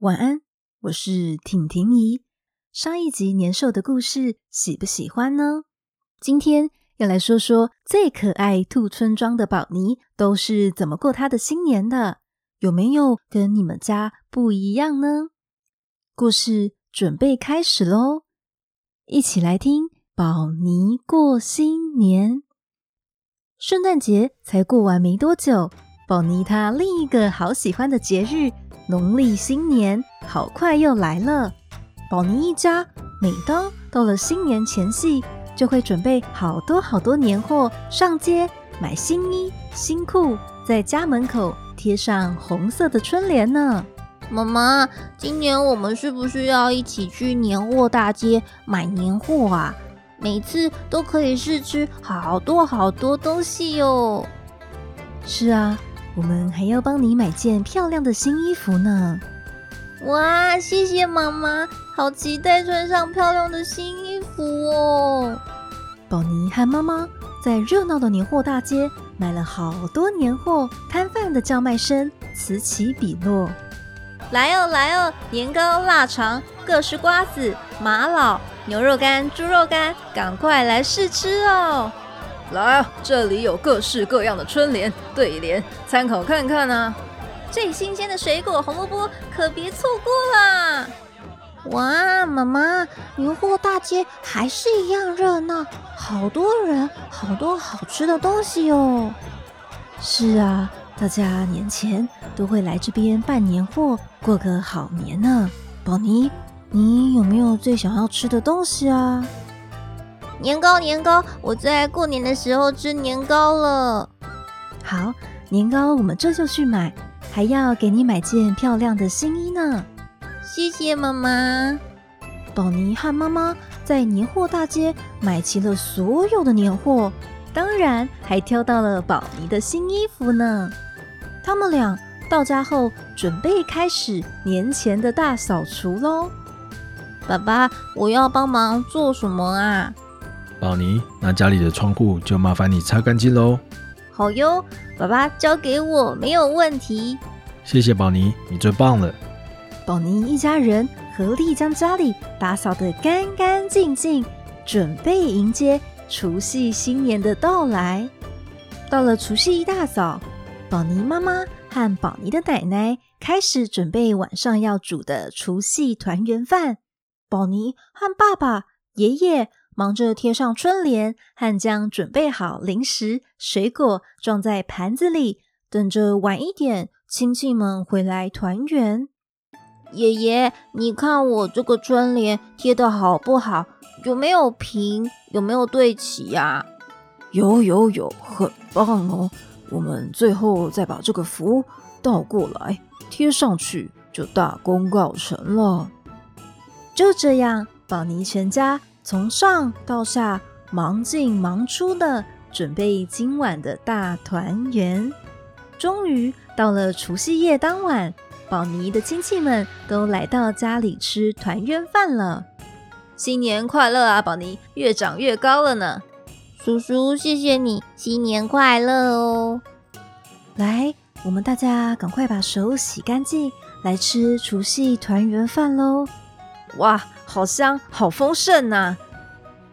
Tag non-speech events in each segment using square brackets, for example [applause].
晚安，我是婷婷姨。上一集年獸的故事喜不喜歡呢？今天要來說說最可愛兔村莊的寶妮都是怎麼過她的新年的，有沒有跟你們家不一樣呢？故事準備開始嘍，一起來聽寶妮過新年。聖誕節才過完沒多久，寶妮她另一個好喜歡的節日。農曆新年好快又來了，寶妮一家每當到了新年前夕，就會準備好多好多年貨，上街買新衣新褲，在家門口貼上紅色的春聯呢。媽媽，今年我們是不是要一起去年貨大街買年貨啊？每次都可以試吃好多好多東西喲、哦。是啊。我們還要幫你買件漂亮的新衣服呢！哇，謝謝媽媽，好期待穿上漂亮的新衣服哦！寶妮和媽媽在熱鬧的年貨大街買了好多年貨，攤販的叫賣聲此起彼落，來哦來哦，年糕、臘腸、各式瓜子、麻辣牛肉乾、豬肉乾，趕快來試吃哦！來，這裡有各式各樣的春聯、對聯，參考看看啊。最新鮮的水果紅蘿蔔可別錯過了。哇，媽媽，年貨大街還是一樣熱鬧，好多人，好多好吃的東西喲、哦。是啊，大家年前都會來這邊辦年貨，過個好年呢。寶妮，你有沒有最想要吃的東西啊？年糕，年糕，我最愛過年的時候吃年糕了。好，年糕我們這就去買，還要給你買件漂亮的新衣呢。謝謝媽媽。寶妮和媽媽在年貨大街買齊了所有的年貨，當然還挑到了寶妮的新衣服呢。他們倆到家後，準備開始年前的大掃除嘍。爸爸，我要幫忙做什麼啊？寶妮，那家裡的窗戶就麻煩你擦乾淨嘍。好喲，爸爸交給我，沒有問題。謝謝寶妮，你最棒了。寶妮一家人合力將家裡打掃得干干淨淨，準備迎接除夕新年的到來。到了除夕一大早，寶妮媽媽和寶妮的奶奶開始準備晚上要煮的除夕團圓飯。寶妮和爸爸、爺爺。忙着貼上春聯，和將準備好零食、水果裝在盤子裡，等着晚一點親戚們回來團圓。爺爺，你看我這個春聯貼的好不好？有沒有平？有沒有對齊呀、啊？有有有，很棒哦！我們最後再把這個福倒過來貼上去，就大功告成了。就這樣，寶妮全家。從上到下忙進忙出的準備今晚的大團圓。終於到了除夕夜當晚，寶妮的親戚們都來到家裡吃團圓飯了。新年快樂啊，寶妮，越長越高了呢。叔叔，謝謝你，新年快樂哦。來，我們大家趕快把手洗乾淨，來吃除夕團圓飯嘍。哇，好香，好豐盛吶、啊！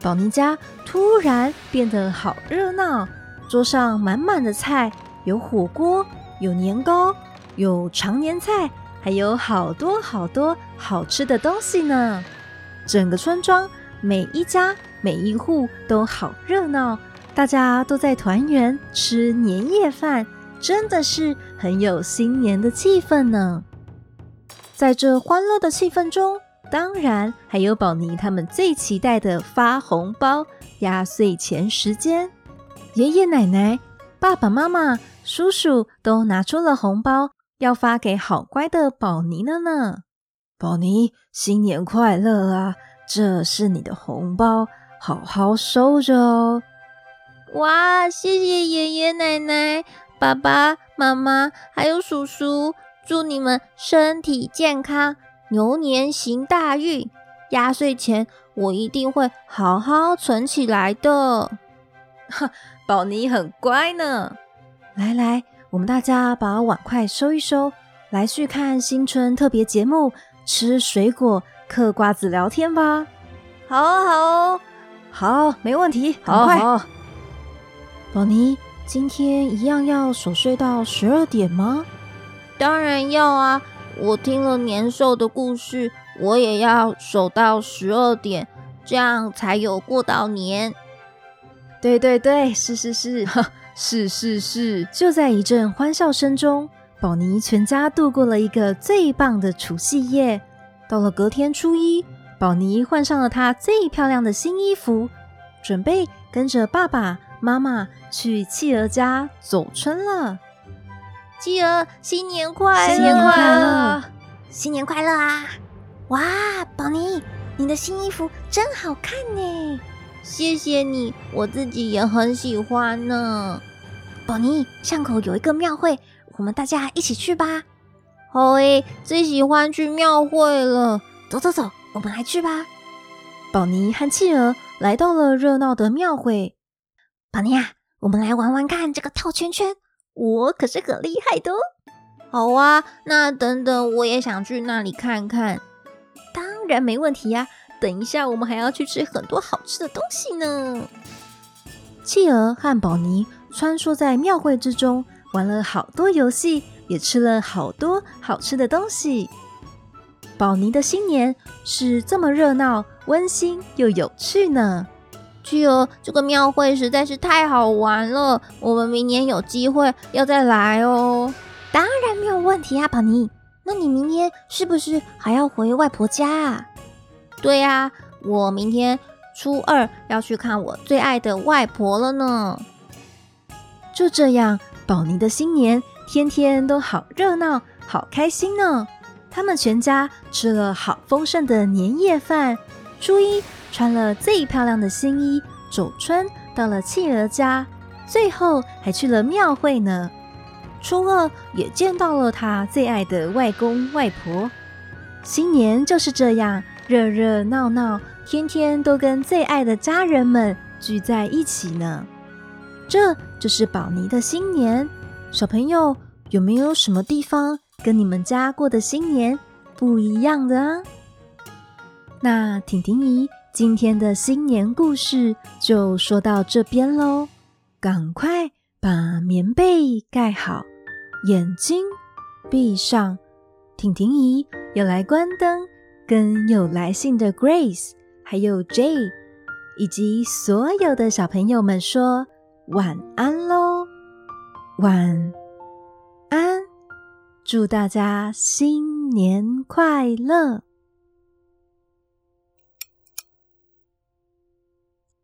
寶妮家突然變得好熱鬧，桌上滿滿的菜，有火鍋，有年糕，有長年菜，還有好多好多好吃的東西呢。整個村莊每一家每一戶都好熱鬧，大家都在團圓吃年夜飯，真的是很有新年的氣氛呢。在這歡樂的氣氛中，當然，還有寶妮他們最期待的發紅包壓歲錢時間。爺爺奶奶、爸爸媽媽、叔叔都拿出了紅包，要發給好乖的寶妮了呢。寶妮，新年快樂啊！這是你的紅包，好好收着哦。哇，謝謝爺爺奶奶、爸爸媽媽還有叔叔，祝你們身體健康。牛年行大運，壓歲錢我一定會好好存起來的。哈，寶妮很乖呢。來來，我們大家把碗筷收一收，來去看新春特別節目，吃水果、嗑瓜子、聊天吧。好、哦、好好、哦，好，沒問題，好快。寶、哦哦、妮，今天一樣要守歲到十二點嗎？當然要啊。我聽了年獸的故事，我也要守到十二點，這樣才有過到年。對對對，是是是， [laughs] 是是是。就在一陣歡笑聲中，寶妮全家度過了一個最棒的除夕夜。到了隔天初一，寶妮換上了她最漂亮的新衣服，準備跟着爸爸媽媽去契兒家走春了。契兒，新年快樂啊！新年快樂，新年快樂啊！哇，寶妮，你的新衣服真好看呢！謝謝你，我自己也很喜歡呢。寶妮，巷口有一個廟會，我們大家一起去吧。好誒，最喜歡去廟會了。走走走，我們來去吧。寶妮和契兒來到了熱鬧的廟會。寶妮啊，我們來玩玩看這個套圈圈。我、哦、可是很厲害的哦！好啊，那等等我也想去那裡看看。當然沒問題呀，啊，等一下我們還要去吃很多好吃的東西呢。企鵝和寶妮穿梭在廟會之中，玩了好多遊戲，也吃了好多好吃的東西。寶妮的新年是這麼熱鬧、溫馨又有趣呢。去哦，這個廟會實在是太好玩了。我們明年有機會要再來哦，當然沒有問題啊，寶妮。那你明天是不是還要回外婆家啊？對呀、啊，我明天初二要去看我最愛的外婆了呢。就這樣，寶妮的新年天天都好熱鬧，好開心呢、哦。他們全家吃了好豐盛的年夜飯，初一。穿了最漂亮的新衣，走春到了慶兒家，最後還去了廟會呢。初二也見到了他最愛的外公外婆。新年就是這樣熱熱鬧鬧，天天都跟最愛的家人們聚在一起呢。這就是寶妮的新年。小朋友有沒有什麼地方跟你們家過的新年不一樣的啊？那婷婷姨。今天的新年故事就說到這邊嘍，趕快把棉被蓋好，眼睛閉上，婷婷姨要來關燈，跟有來信的 Grace，還有 Jay，以及所有的小朋友們說晚安嘍，晚安，祝大家新年快樂。